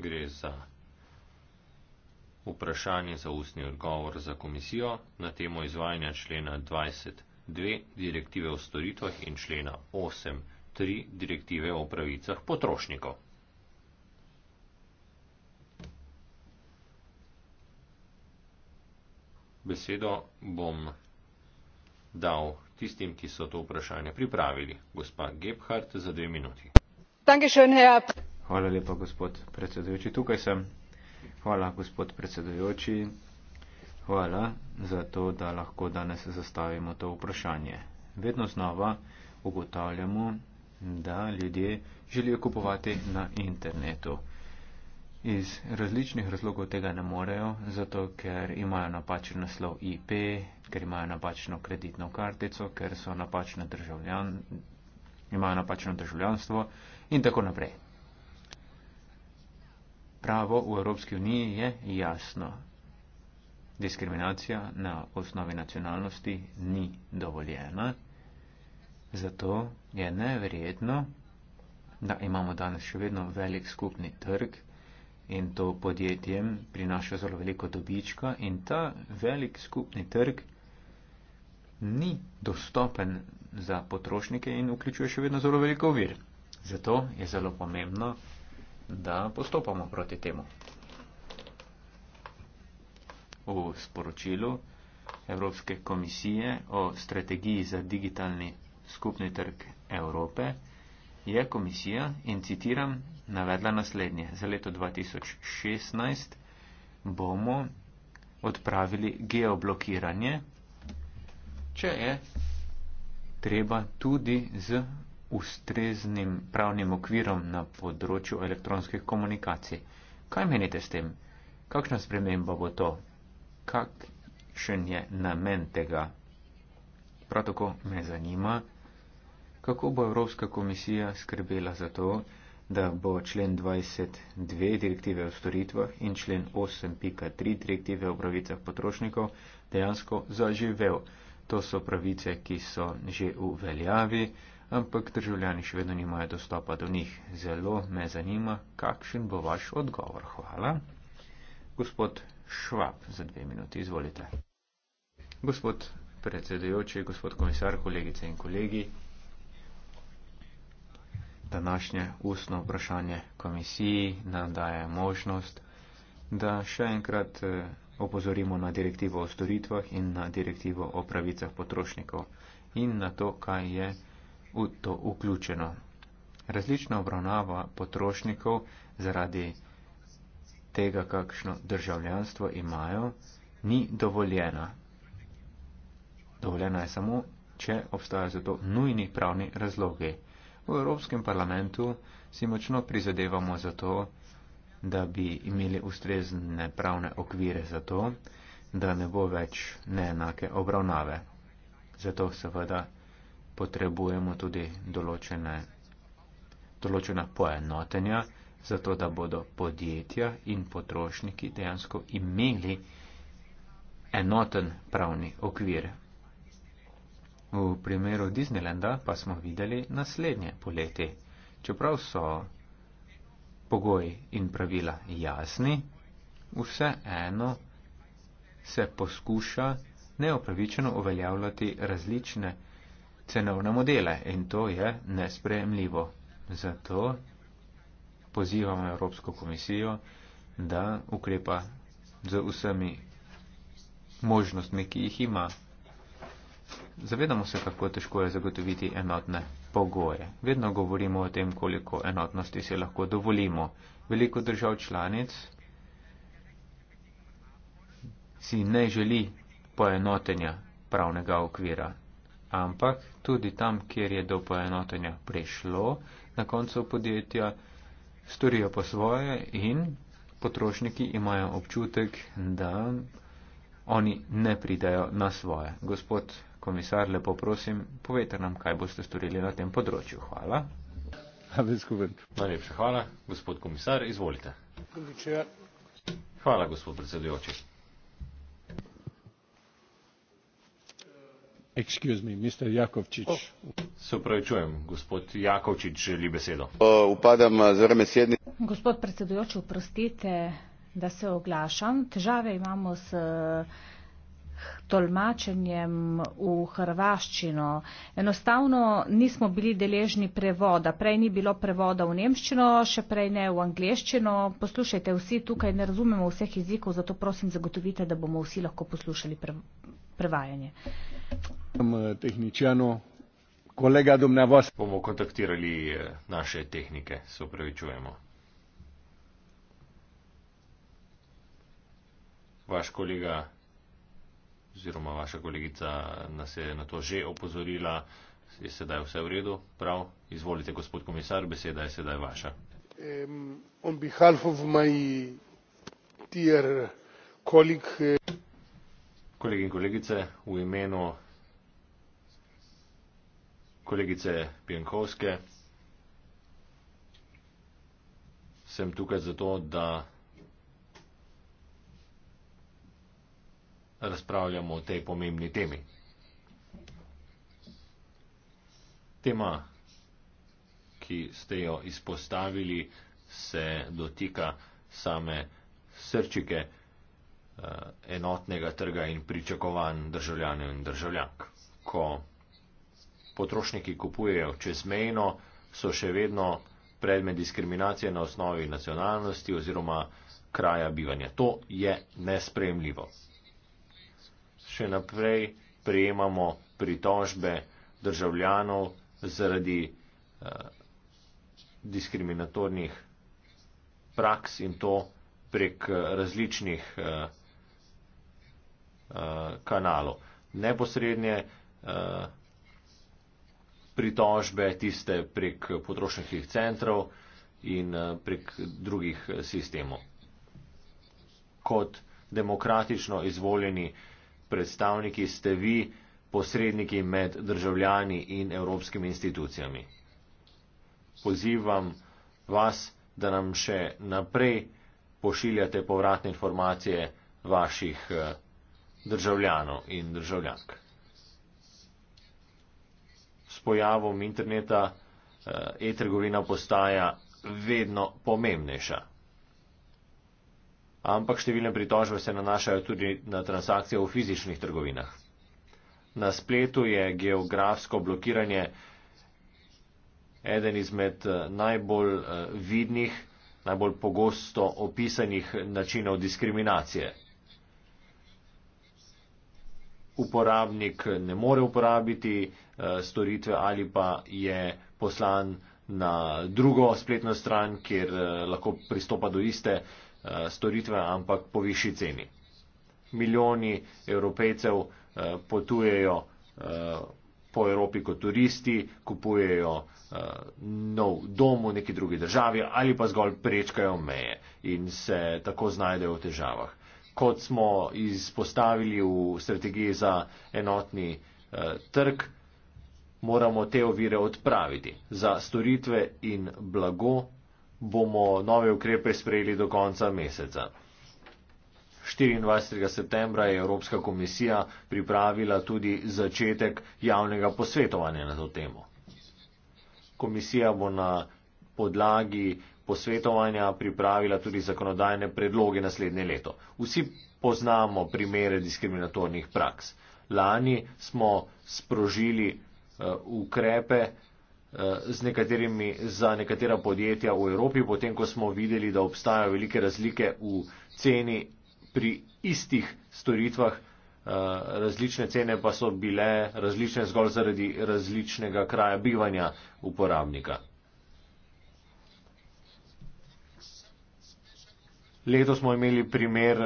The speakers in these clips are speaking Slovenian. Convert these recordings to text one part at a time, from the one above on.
gre za vprašanje za ustni odgovor za komisijo na temo izvajanja člena 22 direktive o storitvah in člena 83 direktive o pravicah potrošnikov. Besedo bom dal tistim, ki so to vprašanje pripravili. Gospa Gebhardt za dve minuti. Danke schön, Herr. Hvala lepa, gospod predsedujoči. Tukaj sem. Hvala, gospod predsedujoči. Hvala za to, da lahko danes zastavimo to vprašanje. Vedno znova ugotavljamo, da ljudje želijo kupovati na internetu. Iz različnih razlogov tega ne morejo, zato ker imajo napačen naslov IP, ker imajo napačno kreditno kartico, ker so napačne državljan, imajo napačno državljanstvo in tako naprej pravo u Europske unije je jasno. Diskriminacija na osnovi nacionalnosti ni dovoljena. Zato je neverjetno, da imamo danes še vedno velik skupni trg in to podjetjem prinaša zelo veliko dobička in ta velik skupni trg ni dostopen za potrošnike in vključuje še vedno zelo veliko vir. Zato je zelo pomembno, da postopamo proti temu. V sporočilu Evropske komisije o strategiji za digitalni skupni trg Evrope je komisija, in citiram, navedla naslednje. Za leto 2016 bomo odpravili geoblokiranje, če je treba tudi z ustreznim pravnim okvirom na področju elektronskih komunikacij. Kaj menite s tem? Kakšna sprememba bo to? Kakšen je namen tega? Prav tako me zanima, kako bo Evropska komisija skrbela za to, da bo člen 22 direktive o storitvah in člen 8.3 direktive o pravicah potrošnikov dejansko zaživel. To so pravice, ki so že v veljavi, ampak državljani še vedno nimajo dostopa do njih. Zelo me zanima, kakšen bo vaš odgovor. Hvala. Gospod Švab, za dve minuti izvolite. Gospod predsedujoči, gospod komisar, kolegice in kolegi. Današnje ustno vprašanje komisiji nam daje možnost, da še enkrat eh, opozorimo na direktivo o storitvah in na direktivo o pravicah potrošnikov in na to, kaj je v to vključeno. Različna obravnava potrošnikov zaradi tega, kakšno državljanstvo imajo, ni dovoljena. Dovoljena je samo, če obstajajo za to nujni pravni razlogi. V Evropskem parlamentu si močno prizadevamo za to, da bi imeli ustrezne pravne okvire za to, da ne bo več neenake obravnave. Zato seveda potrebujemo tudi določene, določena poenotenja, zato da bodo podjetja in potrošniki dejansko imeli enoten pravni okvir. V primeru Disneylanda pa smo videli naslednje poleti. Čeprav so pogoji in pravila jasni, vseeno se poskuša neopravičeno uveljavljati različne cenovne modele in to je nespremljivo. Zato pozivamo Evropsko komisijo, da ukrepa z vsemi možnostmi, ki jih ima. Zavedamo se, kako težko je zagotoviti enotne pogoje. Vedno govorimo o tem, koliko enotnosti se lahko dovolimo. Veliko držav članic si ne želi poenotenja pravnega okvira ampak tudi tam, kjer je do poenotenja prišlo na koncu podjetja, storijo po svoje in potrošniki imajo občutek, da oni ne pridajo na svoje. Gospod komisar, lepo prosim, povejte nam, kaj boste storili na tem področju. Hvala. Najlepša hvala, gospod komisar, izvolite. Hvala, gospod predsedujoči. Oh. gospod predsedujoči oprostite da se oglašam težave imamo s tolmačenjem v hrvaščino enostavno nismo bili deležni prevoda prej ni bilo prevoda v nemščino še prej ne v angleščino poslušajte vsi tukaj ne razumemo vseh jezikov zato prosim zagotovite da bomo vsi lahko poslušali prevajanje. Eh, bomo kontaktirali eh, naše tehnike, se upravičujemo. Vaš kolega oziroma vaša kolegica nas je na to že opozorila, je sedaj vse v redu, prav? Izvolite, gospod komisar, beseda je sedaj vaša. Um, Kolegi in kolegice, v imenu kolegice Pienkovske. Sem tukaj zato, da razpravljamo o tej pomembni temi. Tema, ki ste jo izpostavili, se dotika same srčike eh, enotnega trga in pričakovanj državljanov in državljank. Ko potrošniki kupujejo čezmejno, so še vedno predmet diskriminacije na osnovi nacionalnosti oziroma kraja bivanja. To je nespremljivo. Še naprej prejemamo pritožbe državljanov zaradi eh, diskriminatornih praks in to prek eh, različnih eh, eh, kanalov. Neposrednje eh, pritožbe, tiste prek potrošniških centrov in eh, prek drugih eh, sistemov. Kot demokratično izvoljeni predstavniki ste vi posredniki med državljani in evropskimi institucijami. Pozivam vas, da nam še naprej pošiljate povratne informacije vaših eh, državljanov in državljank pojavom interneta eh, e-trgovina postaja vedno pomembnejša. Ampak številne pritožbe se nanašajo tudi na transakcije v fizičnih trgovinah. Na spletu je geografsko blokiranje eden izmed eh, najbolj eh, vidnih, najbolj pogosto opisanih načinov diskriminacije. Uporabnik ne more uporabiti Eh, storitve ali pa je poslan na drugo spletno stran, kjer eh, lahko pristopa do iste eh, storitve, ampak po višji ceni. Milijoni evropejcev potujejo po Evropi kot turisti, kupujejo nov dom v neki drugi državi ali pa zgolj prečkajo meje in se tako znajdejo v težavah. Kot smo izpostavili v strategiji za enotni eh, trg, eh, moramo te ovire odpraviti. Za storitve in blago bomo nove ukrepe sprejeli do konca meseca. 24. septembra je Evropska komisija pripravila tudi začetek javnega posvetovanja na to temo. Komisija bo na podlagi posvetovanja pripravila tudi zakonodajne predloge naslednje leto. Vsi poznamo primere diskriminatornih praks. Lani smo sprožili Eh, ukrepe eh, z nekaterimi, za nekatera podjetja v Evropi, potem ko smo videli, da obstajajo velike razlike v ceni pri istih storitvah. Eh, različne cene pa so bile različne zgolj zaradi različnega kraja bivanja uporabnika. Leto smo imeli primer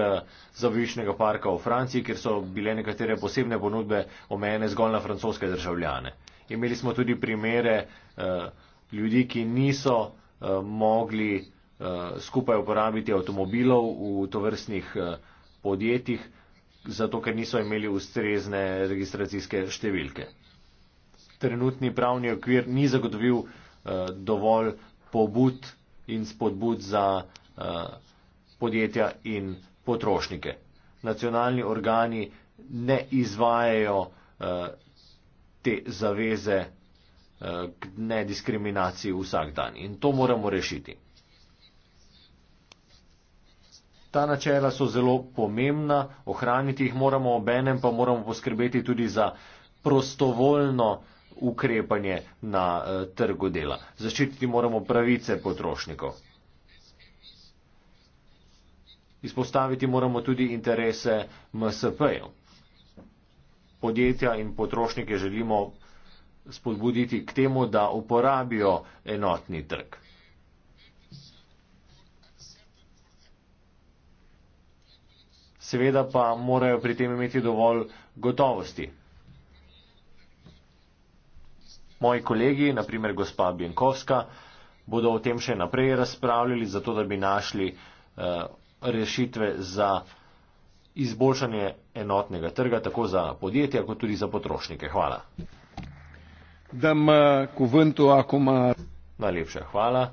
zavišnega parka v Franciji, kjer so bile nekatere posebne ponudbe omejene zgolj na francoske državljane. Imeli smo tudi primere uh, ljudi, ki niso uh, mogli uh, skupaj uporabiti avtomobilov v tovrstnih uh, podjetjih, zato ker niso imeli ustrezne registracijske številke. Trenutni pravni okvir ni zagotovil uh, dovolj pobud in spodbud za uh, podjetja in potrošnike. Nacionalni organi ne izvajajo uh, te zaveze eh, k nediskriminaciji vsak dan. In to moramo rešiti. Ta načela so zelo pomembna, ohraniti jih moramo obenem, pa moramo poskrbeti tudi za prostovoljno ukrepanje na eh, trgu dela. Zaščititi moramo pravice potrošnikov. Izpostaviti moramo tudi interese MSP-jev podjetja in potrošnike želimo spodbuditi k temu, da uporabijo enotni trg. Seveda pa morajo pri tem imeti dovolj gotovosti. Moji kolegi, naprimer gospa Bjenkovska, bodo o tem še naprej razpravljali, zato da bi našli uh, rešitve za izboljšanje enotnega trga tako za podjetja kot tudi za potrošnike. Hvala. Eh, Najlepša hvala.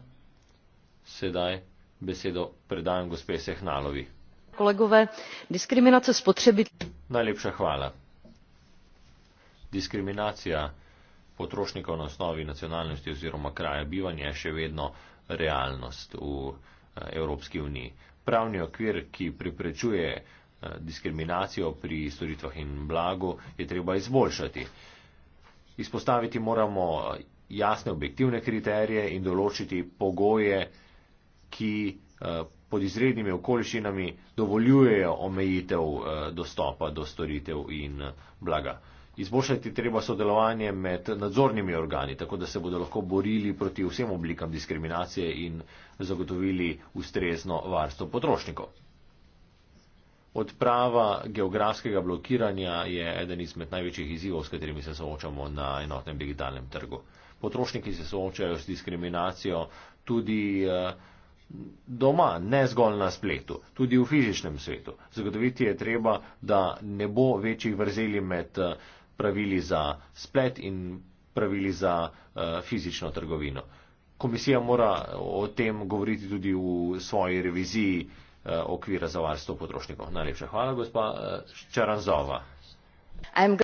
Sedaj besedo predajam gospe Sehnalovi. Kolegove, diskriminacija spotrebiti. Najlepša hvala. Diskriminacija potrošnikov na osnovi nacionalnosti oziroma kraja bivanja je še vedno realnost v eh, Evropski uniji. Pravni okvir, ki priprečuje Eh, diskriminacijo pri storitvah in blagu je treba izboljšati. Izpostaviti moramo eh, jasne objektivne kriterije in določiti pogoje, ki eh, pod izrednimi okoliščinami dovoljujejo omejitev dostopa do storitev in blaga. Izboljšati treba sodelovanje med nadzornimi organi, tako da se bodo lahko borili proti vsem oblikam diskriminacije in zagotovili ustrezno varstvo potrošnikov. Odprava geografskega blokiranja je eden izmed največjih izzivov, s katerimi se soočamo na enotnem digitalnem trgu. Potrošniki se soočajo s diskriminacijo tudi eh, doma, ne zgolj na spletu, tudi v fizičnem svetu. Zagotoviti je treba, da ne bo večjih vrzeli med eh, pravili za splet in pravili za eh, fizično trgovino. Komisija mora o tem govoriti tudi v svoji reviziji Eh, okvira za varstvo potrošnikov. Najlepša hvala, gospa Ščaranzova. Eh,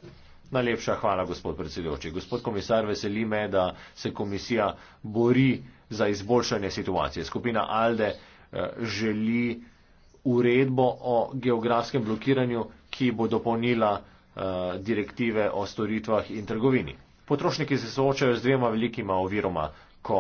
Najlepša hvala, gospod predsedujoči. Gospod komisar, veseli me, da se komisija bori za izboljšanje situacije. Skupina Alde eh, želi uredbo o geografskem blokiranju, ki bo dopolnila direktive o storitvah in trgovini. Potrošniki se soočajo z dvema velikima oviroma, ko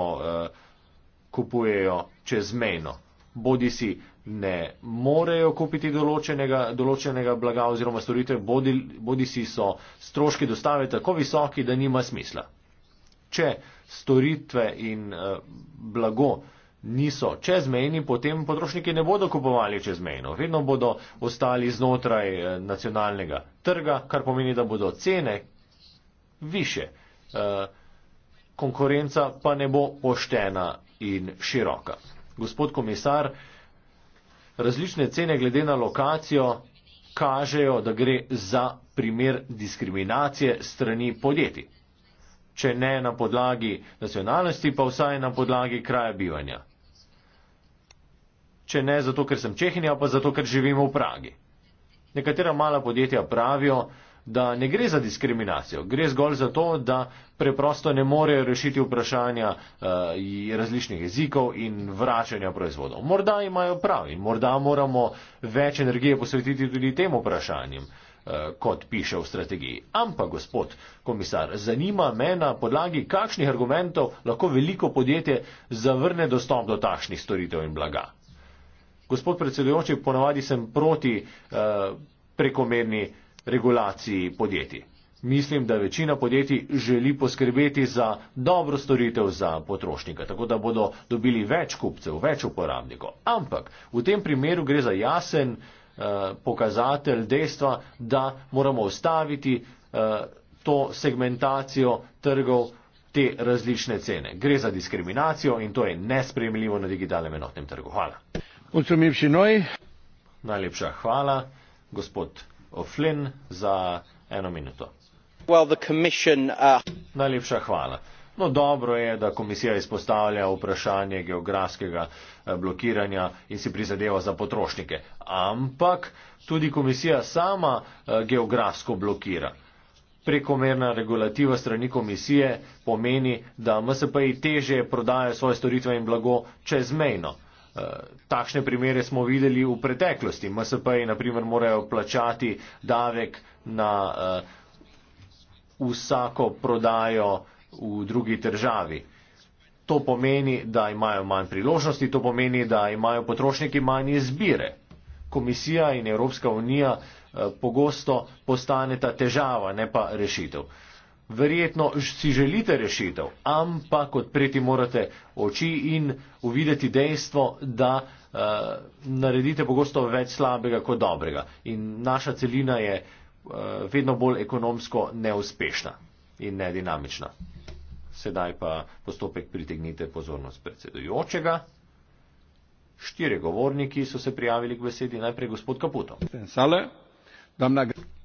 kupujejo čezmejno. Bodi si ne morejo kupiti določenega, določenega blaga oziroma storitev, bodi, bodi si so stroški dostave tako visoki, da nima smisla. Če storitve in uh, blago niso čezmejni, potem potrošniki ne bodo kupovali čezmejno. Vedno bodo ostali znotraj eh, nacionalnega trga, kar pomeni, da bodo cene više. Eh, konkurenca pa ne bo poštena in široka. Gospod komisar, različne cene glede na lokacijo kažejo, da gre za primer diskriminacije strani podjetij. Če ne na podlagi nacionalnosti, pa vsaj na podlagi kraja bivanja. Če ne zato, ker sem Čehinja, pa zato, ker živim v Pragi. Nekatera mala podjetja pravijo, da ne gre za diskriminacijo, gre zgolj za to, da preprosto ne morejo rešiti vprašanja uh, različnih jezikov in vračanja proizvodov. Morda imajo prav in morda moramo več energije posvetiti tudi tem vprašanjem, uh, kot piše v strategiji. Ampak, gospod komisar, zanima me na podlagi, kakšnih argumentov lahko veliko podjetje zavrne dostop do takšnih storitev in blaga. Gospod predsedujoči, ponavadi sem proti uh, prekomerni regulaciji podjetij. Mislim, da večina podjetij želi poskrbeti za dobro storitev za potrošnika, tako da bodo dobili več kupcev, več uporabnikov. Ampak v tem primeru gre za jasen uh, pokazatelj dejstva, da moramo ustaviti uh, to segmentacijo trgov te različne cene. Gre za diskriminacijo in to je nespremljivo na digitalnem enotnem trgu. Hvala. Najlepša hvala, gospod. O'Flynn za eno minuto. Well, uh... Najlepša hvala. No, dobro je, da komisija izpostavlja vprašanje geografskega eh, blokiranja in si prizadeva za potrošnike. Ampak tudi komisija sama eh, geografsko blokira. Prekomerna regulativa strani komisije pomeni, da MSP-ji teže prodajo svoje storitve in blago čezmejno. Eh, takšne primere smo videli v preteklosti. MSP-ji, na primer, morajo plačati davek na eh, vsako prodajo v drugi državi. To pomeni, da imajo manj priložnosti, to pomeni, da imajo potrošniki manj izbire. Komisija in Evropska unija eh, pogosto postaneta težava, ne pa rešitev verjetno si želite rešitev, ampak odpreti morate oči in uvideti dejstvo, da uh, naredite pogosto več slabega kot dobrega. In naša celina je uh, vedno bolj ekonomsko neuspešna in nedinamična. Sedaj pa postopek pritegnite pozornost predsedujočega. Štiri govorniki so se prijavili k besedi, najprej gospod Kaputo,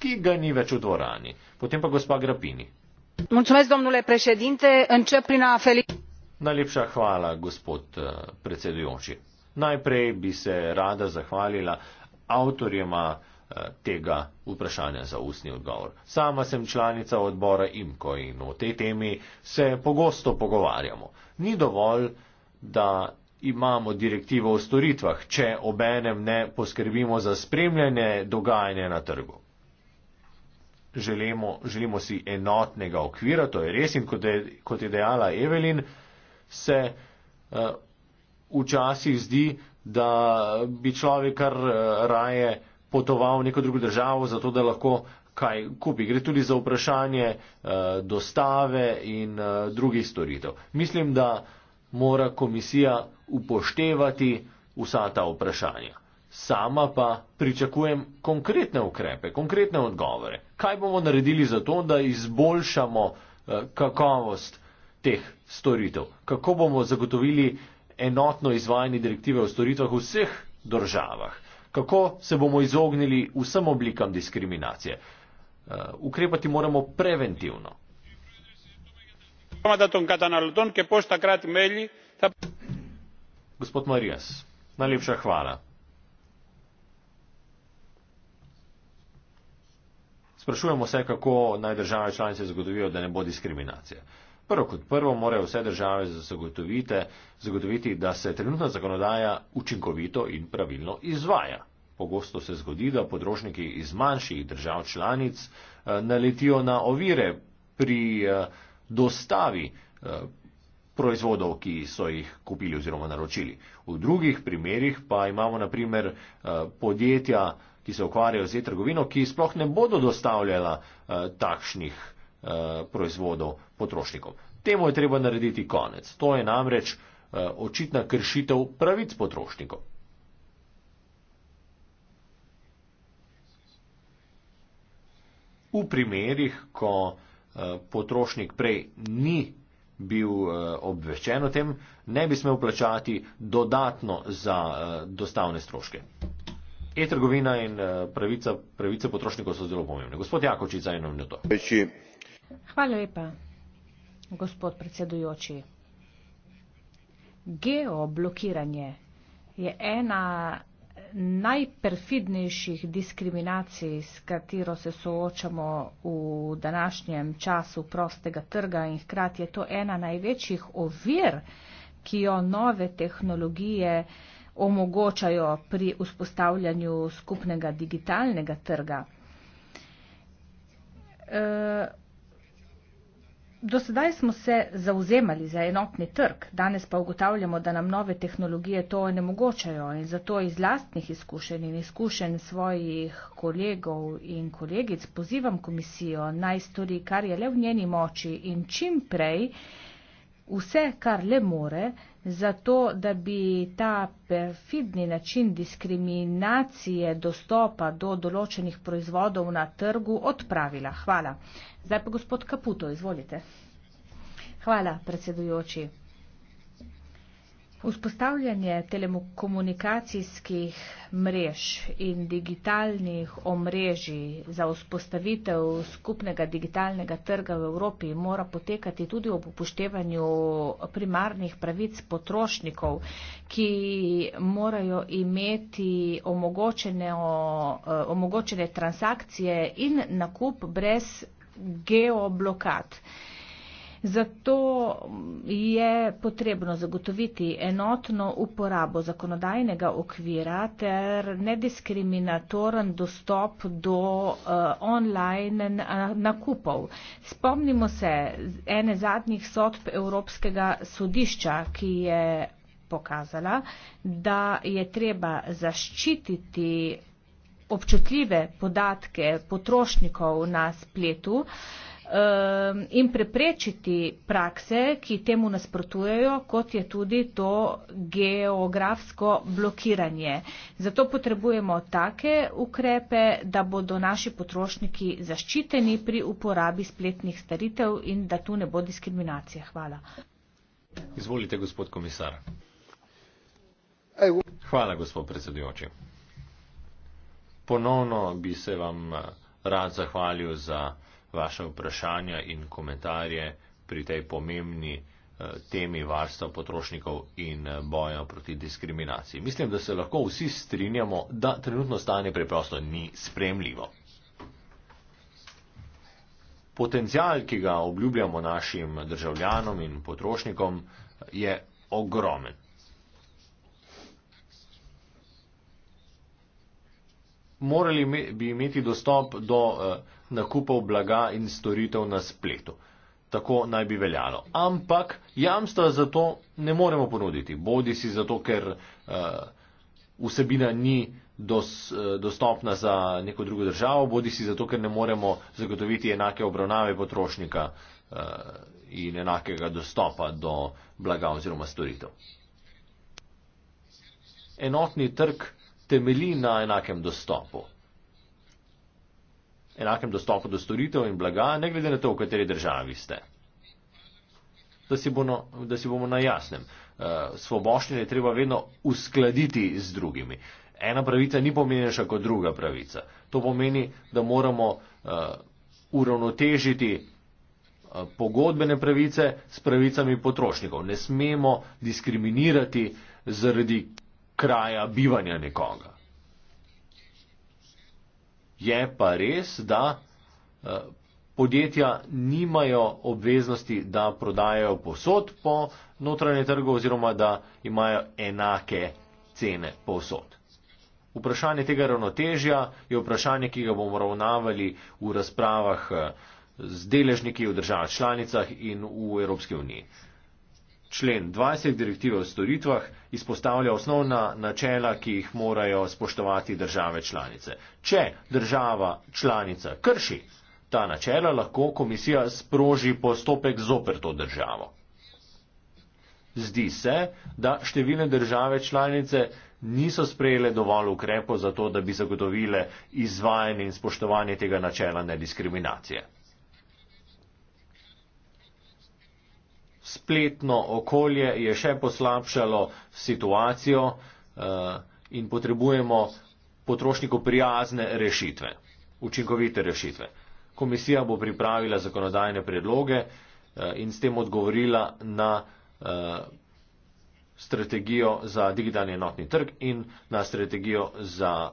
ki ga ni več v dvorani, potem pa gospa Grapini domnule președinte încep prin a felicita. Najlepša hvala, gospod eh, predsedujoči. Najprej bi se rada zahvalila avtorjema eh, tega vprašanja za ustni odgovor. Sama sem članica odbora IMKO in o tej temi se pogosto pogovarjamo. Ni dovolj, da imamo direktivo o storitvah, če obenem ne poskrbimo za spremljanje dogajanja na trgu želimo, želimo si enotnega okvira, to je res in kot je, kot je dejala Evelin, se uh, včasih zdi, da bi človek kar eh, raje potoval v neko drugo državo, zato da lahko kaj kupi. Gre tudi za vprašanje uh, dostave in uh, drugih storitev. Mislim, da mora komisija upoštevati vsa ta vprašanja sama pa pričakujem konkretne ukrepe, konkretne odgovore. Kaj bomo naredili za to, da izboljšamo eh, kakovost teh storitev? Kako bomo zagotovili enotno izvajanje direktive o storitvah v vseh državah? Kako se bomo izognili vsem oblikam diskriminacije? Eh, ukrepati moramo preventivno. Gospod Marijas, najlepša hvala. Sprašujemo se, kako naj države članice zagotovijo, da ne bo diskriminacije. Prvo kot prvo morajo vse države zagotoviti, zagotoviti, da se trenutna zakonodaja učinkovito in pravilno izvaja. Pogosto se zgodi, da podrošniki iz manjših držav članic eh, naletijo na ovire pri eh, dostavi eh, proizvodov, ki so jih kupili oziroma naročili. V drugih primerjih pa imamo naprimer podjetja, ki se ukvarjajo z e-trgovino, ki sploh ne bodo dostavljala eh, takšnih eh, proizvodov potrošnikom. Temu je treba narediti konec. To je namreč eh, očitna kršitev pravic potrošnikov. V primerih, ko eh, potrošnik prej ni bil eh, obveščen o tem, ne bi smel plačati dodatno za eh, dostavne stroške. E-trgovina in eh, pravica, pravice potrošnikov so zelo pomembne. Gospod Jakoči, za eno minuto. Hvala lepa, gospod predsedujoči. Geoblokiranje je ena najperfidnejših diskriminacij, s katero se soočamo v današnjem času prostega trga in hkrati je to ena največjih ovir, ki jo nove tehnologije eh, omogočajo pri vzpostavljanju skupnega digitalnega trga. Eh, do sedaj smo se zauzemali za enotni trg, danes pa ugotavljamo, da nam nove tehnologije to onemogočajo in zato iz lastnih izkušenj in izkušenj svojih kolegov in kolegic pozivam komisijo naj stori, kar je le v njeni moči in čim prej vse, kar le more, zato da bi ta perfidni način diskriminacije dostopa do določenih proizvodov na trgu odpravila. Hvala. Zdaj pa gospod Kaputo, izvolite. Hvala, predsedujoči. Vzpostavljanje telekomunikacijskih mrež in digitalnih omrežij za vzpostavitev skupnega digitalnega trga v Evropi mora potekati tudi ob upoštevanju primarnih pravic potrošnikov, ki morajo imeti omogočene, eh, omogočene transakcije in nakup brez geoblokad. Zato je potrebno zagotoviti enotno uporabo zakonodajnega okvira ter nediskriminatoren dostop do uh, online nakupov. Spomnimo se ene zadnjih sodb Evropskega sodišča, ki je pokazala, da je treba zaščititi občutljive podatke potrošnikov na spletu. Uh, um, in preprečiti prakse, ki temu nasprotujejo, kot je tudi to geografsko blokiranje. Zato potrebujemo take ukrepe, da bodo naši potrošniki zaščiteni pri uporabi spletnih staritev in da tu ne bo diskriminacije. Hvala. Izvolite, gospod komisar. Hvala, gospod predsedujoči. Ponovno bi se vam eh, rad zahvalil za vaše vprašanja in komentarje pri tej pomembni eh, temi varstva potrošnikov in eh, boja proti diskriminaciji. Mislim, da se lahko vsi strinjamo, da trenutno stanje preprosto ni spremljivo. Potencijal, ki ga obljubljamo našim državljanom in potrošnikom, je ogromen. Morali bi imeti dostop do eh, nakupov blaga in storitev na spletu. Tako naj bi veljalo. Ampak jamstva za to ne moremo ponuditi. Bodi si zato, ker uh, vsebina ni dos, uh, dostopna za neko drugo državo, bodi si zato, ker ne moremo zagotoviti enake obravnave potrošnika uh, in enakega dostopa do blaga oziroma storitev. Enotni trg temelji na enakem dostopu enakem dostopu do storitev in blaga, ne glede na to, v kateri državi ste. Da si, bono, da si bomo na jasnem, eh, svoboščine je treba vedno uskladiti z drugimi. Ena pravica ni pomenjena kot druga pravica. To pomeni, da moramo uh, uravnotežiti uh, pogodbene pravice s pravicami potrošnikov. Ne smemo diskriminirati zaradi kraja bivanja nekoga. Je pa res, da eh, podjetja nimajo obveznosti, da prodajajo posod po notranje trgu oziroma da imajo enake cene posod. Vprašanje tega ravnotežja je vprašanje, ki ga bomo ravnavali v razpravah eh, z deležniki v državah članicah in v Evropski uniji člen 20 direktive o storitvah izpostavlja osnovna načela, ki jih morajo spoštovati države članice. Če država članica krši ta načela, lahko komisija sproži postopek zoper to državo. Zdi se, da številne države članice niso sprejele dovolj ukrepov za to, da bi zagotovile izvajanje in spoštovanje tega načela nediskriminacije. spletno okolje je še poslabšalo situacijo eh, in potrebujemo potrošniku prijazne rešitve, učinkovite rešitve. Komisija bo pripravila zakonodajne predloge eh, in s tem odgovorila na eh, strategijo za digitalni enotni trg in na strategijo za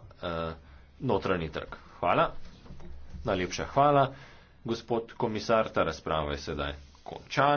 notranji trg. Hvala. Najlepša hvala. Gospod komisar, ta razprava je sedaj končana.